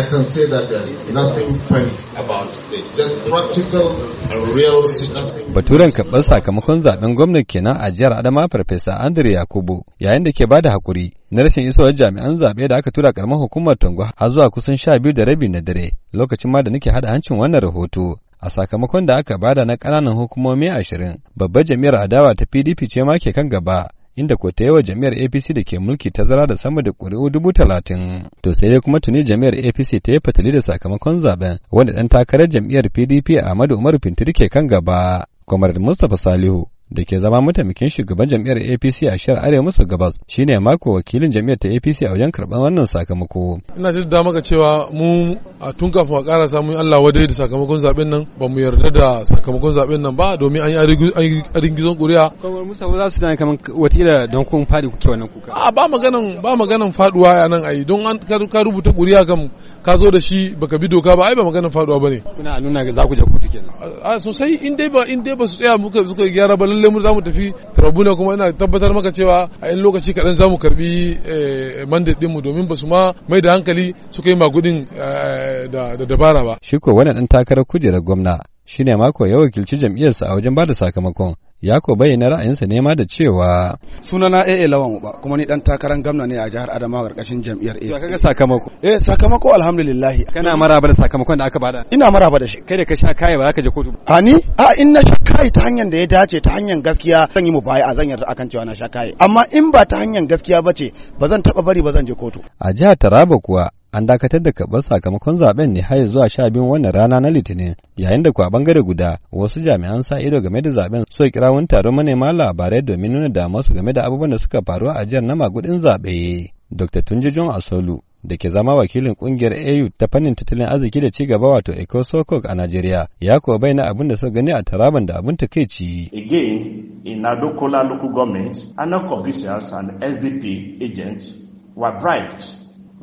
I can say that is nothing funny about it. Just practical and real situation. Baturen karɓar sakamakon zaben gwamnati kenan a jihar Adama Farfesa Andre Yakubu yayin da ke bada hakuri na rashin isowar jami'an zaɓe da aka tura karamar hukumar Tango har zuwa kusan sha biyu da rabi na dare lokacin ma da nake hada hancin wannan rahoto. a sakamakon da aka bada na ƙananan hukumomi ashirin babbar jami'ar adawa ta pdp ce ma ke kan gaba inda ko ta yi wa jami'ar APC da ke mulki tazara da sama da ƙuri'u dubu talatin. To sai dai kuma tuni jami'ar APC ta yi fatali da sakamakon zaben wanda ɗan takarar jami'ar PDP Ahmadu Umaru Fintiri ke kan gaba. Kwamar Mustapha Salihu da ke zama mataimakin shugaban jam'iyyar APC a shirar Arewa maso gabas shine mako wakilin jam'iyyar ta APC a wajen karɓar wannan sakamako. Ina jin da maka cewa mu a tun kafin a ƙara samu Allah wadai da sakamakon zaben nan ba mu yarda da sakamakon zaben nan ba domin an yi gizon ƙuri'a. Kawai Musa ba za su dana kaman watila don kun faɗi kuke wannan kuka. A ba maganan ba maganan faɗuwa a nan ayi don an ka rubuta ƙuri'a kam ka zo da shi baka bi doka ba ai ba maganan faɗuwa ba ne. Kuna nuna za ku je kotu kenan. Sosai in dai ba in dai ba su tsaya muka suka gyara ba lalle mu zamu tafi tarabuna kuma ina tabbatar maka cewa a yan lokaci kaɗan zamu karbi eh, mandate ɗinmu domin ba su ma mai da hankali suka yi magudin eh, da dabara ba shi ko wannan dan takarar kujerar gwamna shine mako ya wakilci jam'iyyarsa a wajen bada sakamakon ya ko bayyana ra'ayinsa nema da cewa sunana AA Lawan Uba kuma ni dan takarar gamna ne a jihar Adamawa karkashin jam'iyyar AA. Kaga sakamako. Eh sakamako alhamdulillah. Kana maraba da sakamakon da aka bada? Ina maraba da shi. Kai da ka sha kai ba ka je kotu. A ni? A in na sha kai ta hanyar da ya dace ta hanyar gaskiya zan yi mu baya zan yarda akan cewa na sha kai. Amma in ba ta hanyar gaskiya ba ce ba zan taba bari ba zan je kotu. A jihar Taraba kuwa an dakatar da karɓar sakamakon zaɓen ne har zuwa sha biyun wannan rana na litinin yayin da kwa bangare guda wasu jami'an sa ido game da zaben suka kira wani taron manema labarai domin nuna su game da abubuwan da suka faru a ajiyar na magudin zaɓe. Dr. Tunji John Asolu da ke zama wakilin kungiyar AU ta fannin tattalin arziki da cigaba wato ECOSOCOG a Najeriya ya kuwa bayyana abin da suka gani a Taraban da abin takeici. Again, in Adokola local government, ANOC officials and SDP agents were bribed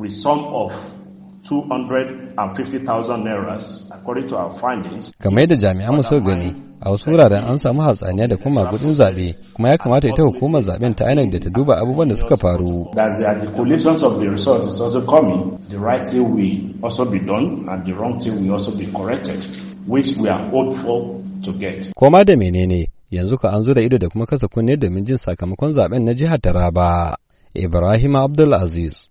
with sum of 250,000 nairas according to our findings. Kamar da jami'an suka gani a wasu wuraren an samu hatsaniya da kuma gudun zaɓe kuma ya kamata ita hukumar zaɓen ta ainihin da ta duba abubuwan da suka faru. That the articulations of the results is also coming. The right thing will also be done and the wrong thing will also be corrected which we are hopeful to get. Koma da menene yanzu ka an zura ido da kuma kasa kunne min jin sakamakon zaben na jihar Taraba. Ibrahim Abdul Aziz